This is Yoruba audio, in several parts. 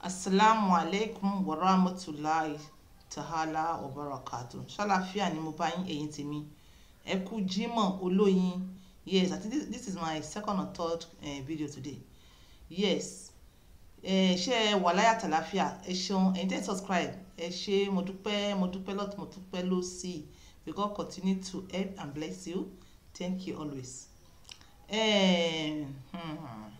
Assalamu alaikum wa rahmatulahi ta'ala wa barakatuh. Ṣàlàfíà ni mo bá yín ẹ̀yin tèmi. Ẹ kú Jímọ̀ olóyin. Yes, I think this, this is my second or third uh, video today. Yes. Ṣé ẹ wà láyà tàlàfíà? Ẹ ṣeun, ẹ̀yin tẹ́ subscribe. Ẹ ṣé mo dúpẹ́ mo dúpẹ́ lọ́tún mo dúpẹ́ ló sí i. May God continue to help and bless you. Thank you always. Uh, hmm.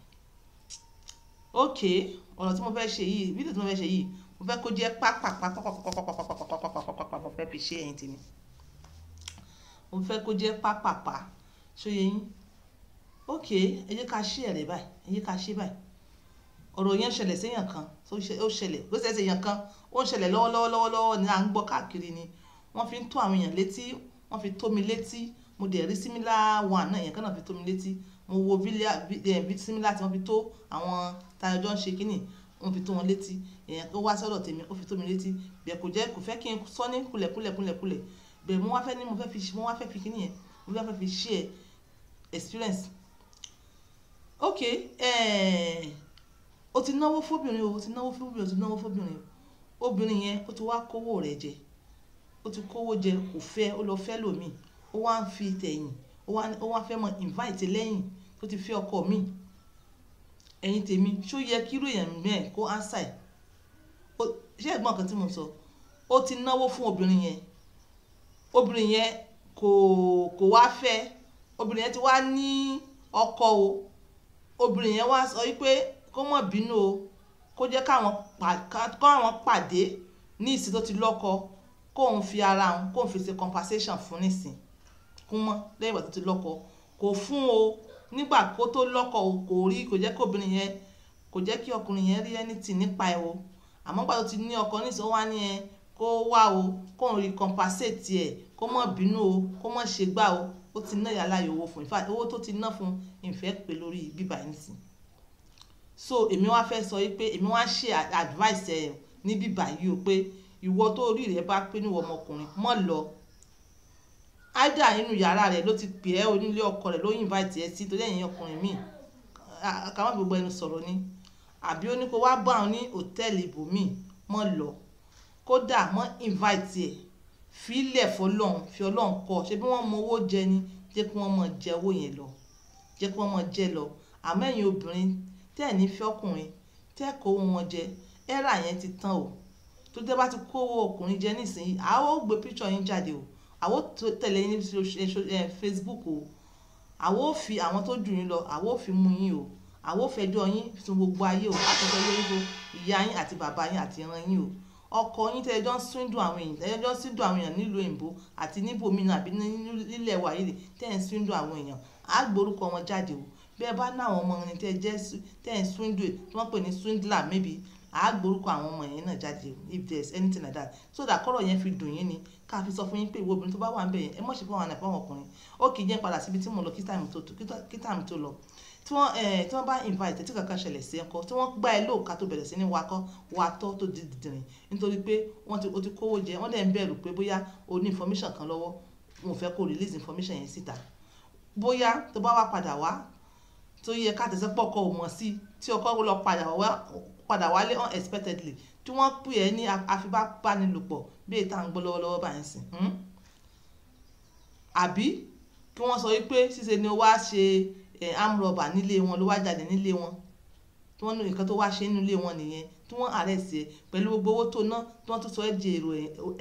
Okay ọ̀nà tí mo fẹ́ ṣe yìí fídíò tí mo fẹ́ ṣe yìí mo fẹ́ kó jẹ́ pápápápápápápápápápápápápápápá mo fẹ́ fi ṣe ẹ̀yìn tì ní mo fẹ́ kó jẹ́ pápápá ṣóyè yín ok ẹ jẹ́ ká ṣí ẹ̀rẹ̀ báyìí ẹ jẹ́ ká ṣí báyìí ọ̀rọ̀ yẹn ṣẹlẹ̀ séèyàn kan ó ṣẹlẹ̀ ó ṣẹlẹ̀ séèyàn kan ó ṣẹlẹ̀ lọ́wọ́lọ́wọ́lọ́wọ́ ni à ń gbọ́ káàkiri ni wọ́n fi ń tó àwọn èèyàn létí wọ́n fi tó mi létí mo dẹ̀ rí similar one náà èèyàn kan náà fi tó mi létí mo wo bísímílà eh, tí wọ́n fi tó àwọn tayọjọ́ ń ṣe kínní wọ́n fi tó wọn létí èèyàn tó wá sọ́dọ̀ tèmi ó fi tó mi létí bẹ́ẹ̀ kò jẹ́ kò fẹ́ kí n sọ ní kulẹ̀kulẹ̀kulẹ̀kulẹ̀ bẹ́ẹ̀ mo wá fẹ́ ní mo fẹ́ fi mo wá fẹ́ fi kínní yẹn mo fẹ́ fi share experience ok eh, o ti náwó fóbìnrin o o ti náwó fóbìnrin o ti náwó fóbìnrin obìnrin yẹn o ti wá kówó rẹ̀ jẹ o ti kówó jẹ kò fẹ́ o lọ fẹ́ lòmíì ó wá ń fi tẹ̀yìn ó wá ń mọ invite lẹ́yìn tó ti fi ọkọ mi ẹ̀yin tèmi ṣó yẹ kíró èèyàn mẹ́ẹ̀ kó ánsà ẹ̀ ṣé ẹ̀gbọ́n kan tí mo sọ ó ti náwó fún obìnrin yẹn obìnrin yẹn kò kò wá fẹ́ obìnrin yẹn ti wá ní ọkọ o obìnrin yẹn wá sọ wípé kó mọ̀ bínú o kó jẹ́ káwọn pàdé ní ìsìn tó ti lọ́kọ kóun fi ara òun kóun fi ṣe compensation fún nísìn kún lẹ́yìn ìgbà tó ti lọ́kọ kò fún o nígbà kó tó lọ́kọ kò rí kò jẹ́ kí obìnrin yẹn kò jẹ́ kí ọkùnrin yẹn rí anything nípa ẹ̀ o àmọ́ gbà tó ti ní ọkọ ní ìsọ́wá ni ẹ kó wá o kó ń rí compensate ẹ̀ kó mọ̀ bínú o kó mọ̀ ṣe gbà o ó ti ná yàrá yòówó fún ìfà owó tó ti ná fún ìfẹ́ pé lórí bíbá yìí sí so èmi wá fẹ́ sọ yìí pé èmi wá ṣe advice ẹ̀ ní bíbá yìí o pé ìwọ tó orí rẹ bá pé ọmọkùnrin mọ̀ lọ áìdá nínú yàrá rẹ̀ ló ti pè ẹ́ onílé ọkọ rẹ̀ ló invite ẹ sí torí ẹ̀yin ọkùnrin míì káwọn fi gbogbo ẹnu sọ̀rọ̀ ni àbí ó ní kó wá bá òun ní hòtẹ́ẹ̀lì ibòmíì mọ́ lọ kódà mọ́ invite ẹ̀ fílẹ̀ fọlọ́run fi ọlọ́run kọ́ ṣé bí wọ́n mọ owó jẹ ni jẹ́ kí wọ́n mọ jẹ owó yẹn lọ jẹ́ kí wọ́n mọ jẹ lọ àmọ́ ẹ̀yin obìnrin tẹ́ ẹ̀ ní fẹ́ ọkùnrin tẹ́ kó owó wọn jẹ ẹ̀rà yẹn ti tán o tó dé bá ti kó owó ọkùnrin jẹ nísìnyí àá ó gbé píṣọ yín jáde o àwọn tó tẹ̀lé yín ní eh, eh, Facebook o àwọn ò fi àwọn tó jù yín lọ àwọn ò fi mú yín o àwọn ò fẹjọ́ yín sun gbogbo ayé o àtẹ̀tẹ̀ lórí bo ìyá yín àti bàbá yín àti ìran yín o ọkọ yín tẹ́ ẹjọ́ ń swindle àwọn èèyàn tẹ́ ẹjọ́ ń swindle àwọn èèyàn nílùú èyìnbó àti níbòmínà àbí nílẹ̀ wàyí tẹ́ ẹ̀ ń swindle àwọn èèyàn á gbórúkọ wọn jáde o bẹ́ẹ̀ bá náwọn ọmọ ní tẹ́ ẹ jẹ́ tẹ́ ẹ swindle tí wọ́n pè ní swindler maybe a gborúkọ àwọn ọmọ yẹn náà jáde if there is anything like that so that kọ́rọ̀ yẹn fi dùn yín ni ká fi sọ fún yín pé ìwé obìnrin tó bá wà ń bẹ̀ yẹn ẹ mọ̀ ṣe fún àwọn àpọ̀ ọkùnrin ó kì í jẹ́ padà síbi tí mo lọ kí táàmù tó lọ tí wọ́n tí wọ́n bá invite tí kankan ṣẹlẹ̀ sí ẹ̀kọ́ tí wọ́n gbá ẹ lóòka tó bẹ̀rẹ̀ sí ní wakọ́ watọ́ tó di dìdìrín nítorí pé wọ́n ti o ti kówó jẹ wọ́n dẹ̀ ń bẹ̀rù pé bóyá o ní information kan lọ́wọ́ wọn ò fẹ́ kó release information yẹn síta bóyá tó bá wá padà wá tó yẹ ká tẹ̀sẹ̀ pọ̀ kọ́ ò mọ̀ sí tí ọkọ lọ padà wá padà wálé unexpectedly tí wọ́n pè é ní afipábánilòpọ̀ bí ètò à ń gbọ́ lọ́wọ́lọ́wọ́ báyìí sìn hmm? àbí kí wọ́n sọ wípé ṣíṣe ni ó wá ṣe amúrọ̀bà nílé wọn ló wá jáde nílé wọn tí wọ́n ní nǹkan tó wá ṣe nílé wọn nìyẹn tí wọ́n arrest ẹ pẹ̀lú gbogbo owó tó ná tí wọ́n tún sọ ẹ́ di èrò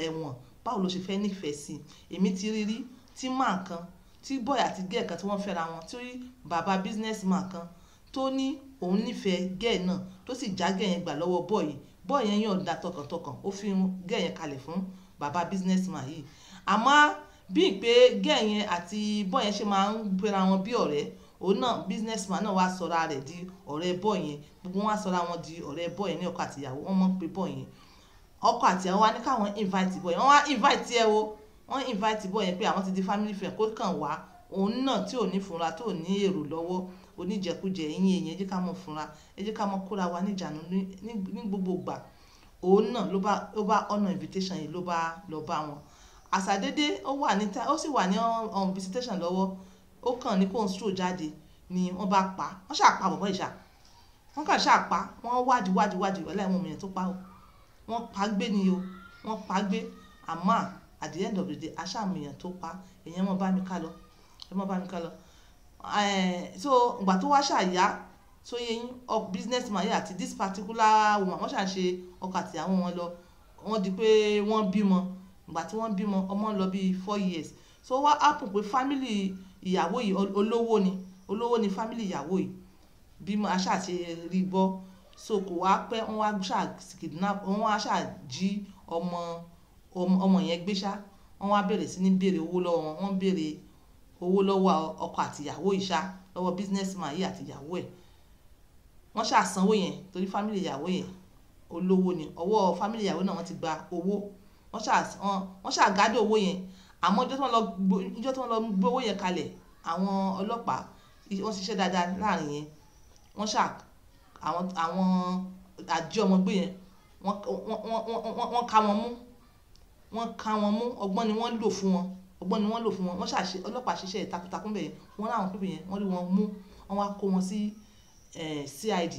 ẹ̀wọ̀n báwo ló ṣe fẹ́ nífẹ̀ẹ́ sí i èmi ti rí rí tí máa kan tí boy àti girl kan tí wọ́n fẹ́ra wọn tí bàbá business man kan tó ní òun nífẹ̀ẹ́ gẹ́ẹ̀ náà tó sì já gẹ́ẹ̀ yẹn gbà lọ́wọ́ bọ́ọ̀ yìí bọ́ọ̀ yẹn yọ̀ǹda tọkàntọkàn ó fi gẹ́ẹ̀ yẹn kalẹ̀ fún bàbá businessman yìí àmọ́ bíi pé gẹ́ẹ̀ yẹn àti bọ́ọ̀ yẹn ṣe máa ń gbéra wọn bí ọ̀rẹ́ òun náà businessman náà wá sọra rẹ̀ di ọ̀rẹ́ bọ́ọ̀ yẹn gbogbo wọn wá sọra wọn di ọ̀rẹ́ bọ́ọ̀ yẹn ní ọkọ àtìyàwó wọn mọ̀ pé bọ́ọ̀ yẹn ọkọ àtìyàwó wa ní káwọn invite bọ́ọ̀ yẹn wọ́n wá invite ẹ o wọ́n invite bọ́ọ̀ yẹn pé àwọn ti di family friend kó kàn wá òun náà tí ò ní fúnra tó ní èrò lọ́wọ́ oníjẹkújẹ ẹ̀yin èèyàn ẹ jẹ́ ká mọ̀ fúnra ẹ jẹ́ ká mọ̀ kóra wa níjànú ní gbogbo ìgbà òun náà ló bá ló bá ọ̀nà invitation yìí ló bá lọ bá wọn àṣàdédé ó wà níta ó sì wà ní on visitation lọ́wọ́ ó kàn ní kó n jáde ni wọ́n bá pa wọ́n ṣàpá bọ̀bọ̀ ìṣà wọ́n kàn ṣàpá wọ́n wádìí wádìí wádìí ọlẹ́wọ̀n èèyàn tó pa ó wọ́n pa gbé ni o wọ́n pa gbé àmọ́ at the end èèyàn tó pa èèyàn mọ́ bá mi ká lọ ẹ mọ́ bá mi ká lọ Eh, so ìgbà tó wá ṣàyà tó yẹ yín business man yìí àti this particular woman wọ́n ṣàṣe ọkọ àti àwọn wọn lọ wọ́n di pé wọ́n bímọ ìgbà tí wọ́n bímọ ọmọ lọ bíi four years so wá happen pé family ìyàwó yìí olówó ni olówó ni family ìyàwó yìí bímọ aṣáàṣe rí gbọ́ so kò wá pẹ́ wọ́n wá ṣáà kidnap wọ́n wá ṣáà jí ọmọ ọmọ yẹn gbé ṣá wọ́n wá bẹ̀rẹ̀ sí ní béèrè owó lọ́wọ́ wọn wọ́n owó lọ́wọ́ ọkọ àtìyàwó yìí ṣá lọ́wọ́ businessman yìí àtìyàwó ẹ̀ wọ́n ṣàsanwó yẹn torí fámìlì ìyàwó yẹn olówó ni ọwọ́ fámìlì ìyàwó náà wọ́n ti gba owó wọ́n ṣàgádé owó yẹn àmọ́ ìjọ́ tí wọ́n lọ gbówó yẹn kalẹ̀ àwọn ọlọ́pàá wọ́n ṣiṣẹ́ dáadáa láàrin yẹn wọ́n ṣà àwọn àjọ ọmọ gbé yẹn wọ́n ká wọn mú wọ́n ká wọn mú ọgbọ́n ni wọ́n lò fún wọn ọgbọ́n ni wọ́n lò fún wọn wọ́n ṣàṣe ọlọ́pàá ṣiṣẹ́ takuntakun bẹ̀yẹn wọ́n láwọn pípẹ́ yẹn wọ́n rí wọn mú wọ́n wá kó wọn sí eh, CID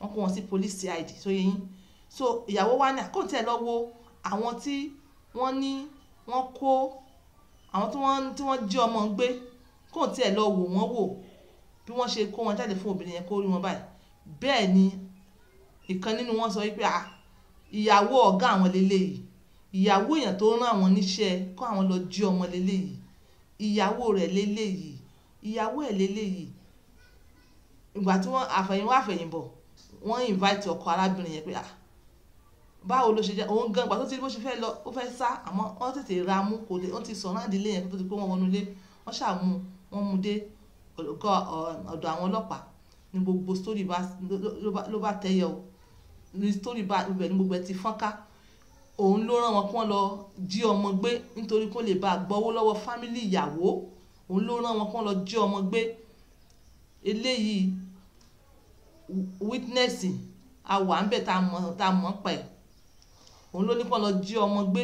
wọ́n kó wọn sí police CID tó yẹ yín so ìyàwó wa ní àkóńtẹ̀ lọ wo àwọn tí wọ́n ní wọ́n kó àwọn tí wọ́n tí wọ́n jí ọmọ gbé kóńtẹ̀ lọ wò wọ́n wò bí wọ́n ṣe kó wọn jáde fún obìnrin yẹn kó rí wọn báyìí bẹ́ẹ̀ ni ìkan nínú wọn sọ wípé ah, ìyàwó ọ̀gá àwọn lélẹ́yìí ìyàwó èèyàn tó rán àwọn níṣẹ́ kó àwọn lọ jí ọmọ leléyìí ìyàwó rẹ̀ leléyìí ìyàwó ẹ̀ leléyìí ìgbà tí wọ́n àfẹ̀yìnwá àfẹ̀yìnbọ̀ wọ́n invite ọkọ arábìnrin yẹn pé ah báwo ló ṣe jẹ́ òun gan ìgbà tó ti bó ṣe fẹ́ lọ ó fẹ́ sá àmọ́ wọ́n tètè ra mú kò dé wọ́n ti sọ̀rọ̀ àdílé yẹn tó ti pé wọ́n wọnú ilé wọ́n ṣàmú wọ́n mú dé ọ̀dọ̀ àwọn ọlọ́pàá ní gbogbo story ló bá tẹ́yẹ o ní story ibẹ̀ ní gbogbo ẹ ti fọ́nká òun ló rán wọn kí lọ jí ọmọ gbé nítorí kó lè bá a gbọ́wó lọ́wọ́ fámílì ìyàwó òun ló rán wọn kí wọ́n lọ jí ọmọ gbé eléyìí wítínẹ́sì awà ń bẹ̀ tá a mọ̀ tá a mọ̀ pẹ̀ òun ló ní kó lọ jí ọmọ gbé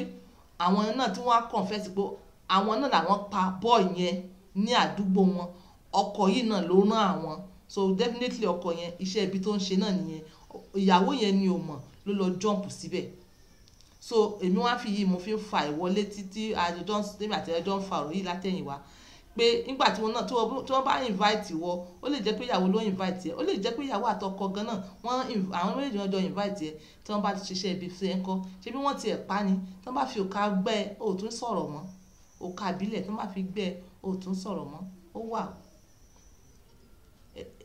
àwọn náà tí wọ́n á confess pé àwọn náà làwọn pa boy yẹn ní àdúgbò wọn ọkọ yìí náà ló rán àwọn so definitely ọkọ yẹn iṣẹ́ ibi tó ń ṣe náà nìyẹn ìyàwó yẹn ni ò mọ̀ ló lọ jump síbẹ̀. Si so èmi wá fi yìí mo fi ń fa ìwọlé títí àjọjọ tèmi àti ẹjọ ń fa ọ̀rọ̀ yìí látẹ̀yìn pé nígbà tí wọn náà tí wọn bá invite wọ ó lè jẹ́ pé ìyàwó ló invite ẹ ó lè jẹ́ pé ìyàwó àtọkọ gan wọn àwọn méjì wọn jọ invite ẹ tí wọn bá ti ṣiṣẹ́ ibi fi ẹ ń ṣé bí wọn tiẹ̀ pa ni tí wọn bá fi òkà gbẹ ẹ ò tún òkà àbílẹ̀ tí wọn bá fi gbẹ ẹ ò tún ó wà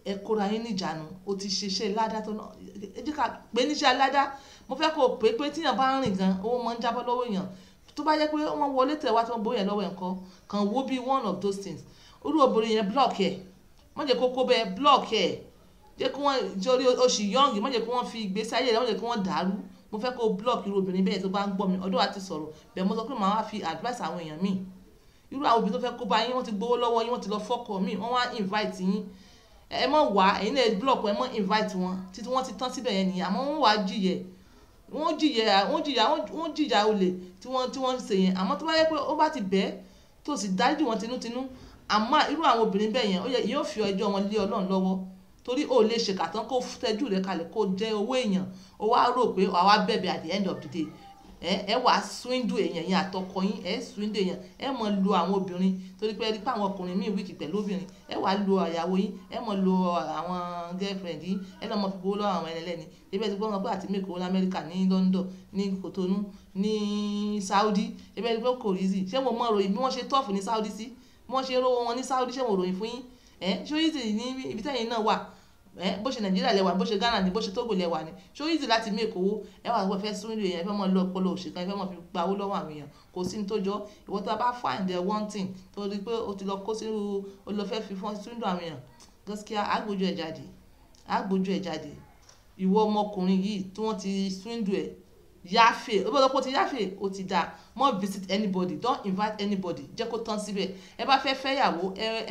ẹ kóra yín níjànú o ti ṣeṣẹ́ ládá tó náà ẹ jẹ́ ká pé níṣẹ́ aládá mo fẹ́ kó o pé pé tíyàn bá ń rìn gan owó máa ń jábọ́ lọ́wọ́ èèyàn tó bá jẹ́ pé wọ́n wọlé tẹ̀ wá tí wọ́n bóyá lọ́wọ́ ẹ̀ ńkọ́ kàn wó bí one of those things irú obìnrin yẹn block ẹ̀ má jẹ́ kó kó bẹ́ẹ̀ block ẹ̀ jẹ́ kí wọ́n jọrí oṣù yọ̀ǹgì má jẹ́ kí wọ́n fi ìgbésí ayé rẹ̀ má jẹ́ kí wọ́n dàrú mo fẹ́ kó block irú obìnrin bẹ́ẹ̀ tó bá ń gbọ́ mi ọ̀dọ̀ wa ti sọ̀rọ̀ bẹ́ẹ̀ mo sọ pé màá wá fi advice àwọn èèyàn míì irú àwọn obìnrin tó fẹ́ kó bá yín wọ́n ti gbowó lọ́wọ́ yín wọ́n ti lọ fọ́kọ̀ míì wọ́n wá invite yín ẹ mọ̀ wá ẹ̀yin náà block ẹ mọ̀ invite wọn títí wọ́n ti tán síbẹ̀ yẹn nìyẹn àmọ́ wọ́n wá jìyẹ wọ́n jìyẹ wọ́n jìyà wọ́n jìyà olè tí wọ́n tí wọ́n ṣe yẹn àmọ́ tó bá yẹ pé ó bá ti bẹ́ẹ̀ tó sì dájú wọn tinútinú àmọ́ irú àwọn obìnrin bẹ́ẹ̀ yẹn ó yẹ yóò fi ẹjọ́ wọn lé Ọlọ́run lọ́wọ́ torí o lè ṣèkà tán kó tẹ́jú rẹ̀ kalẹ̀ kó jẹ́ owó èèyàn o wá rò pé àwa bẹ̀bẹ̀ at the end of the day ẹ wà swindle èèyàn yẹn àtọkọ yín ẹ swindle èèyàn ẹ mọ lo àwọn obìnrin torí pé ẹ rí pé àwọn ọkùnrin míì wíìkì pẹ̀lú obìnrin ẹ wà lo àyàwó yín ẹ mọ lo àwọn girlfriend yín ẹ lọ́mọ fi gbowó lọ́wọ́ àwọn ẹlẹ́ni ebẹ́ ti gbọ́ wọn pé àti mẹ́kọ̀ wọn lamẹ́ríkà ní London ní Kotonu ní Saudi ebe ti gbọ́ kò rí sí ṣé wọn mọ ròyìn bí wọ́n ṣe tọ́ọ̀fù ní Saudi sí bí wọ́n ṣe rówó wọn ní Saudi ṣé wọn ròyìn fún yín ẹ ṣó yìí sì ní ibi tẹ́yìn náà wà Eh, bó ṣe nàìjíríà lẹwà bó ṣe ghana ni bó ṣe togo lẹwà ni ṣó easy láti mú èkó owó ẹ wà wọ́n fẹ́ sún ìlú èèyàn ẹ fẹ́ mọ lọ ọpọlọ òṣìkan ẹ fẹ́ mọ fi gba owó lọ́wọ́ àwọn èèyàn kò sí ní tó jọ ìwọ tó bá find the one thing tó rí pé o ti lọ kó sínú o lọ fẹ́ fi fún sínú àwọn èèyàn gaskiya agbójú ẹ̀ jáde agbójú ẹ̀ jáde ìwọ ọmọkùnrin yìí tí wọ́n ti swindle ẹ̀ yáfè ó bá lọ́pọ̀ ti yáfè ó ti dáa mọ́ visit anybody don't invite anybody jẹ́ kó tán síbẹ̀ ẹ bá fẹ́ fẹ́yàwó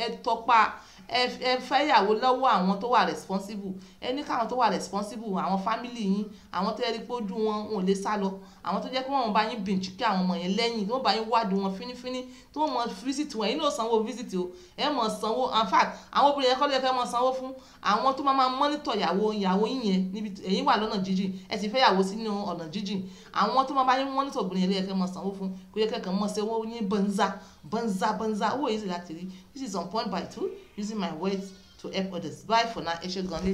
ẹ tọpa ẹ fẹ́yàwó lọ́wọ́ àwọn tó wà responsible ẹ ní káwọn tó wà responsible àwọn family yín àwọn tó yẹ kí ojú wọn wọn ò lè sá lọ àwọn tó jẹ́ pé wọ́n bá yín bìnjú kí àwọn ọmọ yẹn lẹ́yìn tó bá yín wádùn wọn fínífíní tó mọ visit wọn yín náà sanwó visit o ẹ mọ sanwó in fact àwọn obìnrin yẹn kọ́ ló yẹ kẹ́ mọ sanwó fún àwọn tó máa mọ́nítọ̀ ìyàwó ìyàwó yín yẹn níbi ẹ̀yin wà lọ́nà jíjìn ẹ sì fẹ́ yàwó sínú ọ̀nà jíjìn àwọn tó máa bá yín mọ́nítọ̀ obìnrin yẹn ló yẹ kẹ́ mọ sanwó fún kó yẹ kẹ́ kàn mọ́ sẹ́wọ́ yín bọ́nzá bọ́nzá bọ́nzá owó yìí sì láti rí This is on point by two, using my words to help others. Bye for now. Ẹ ṣé gan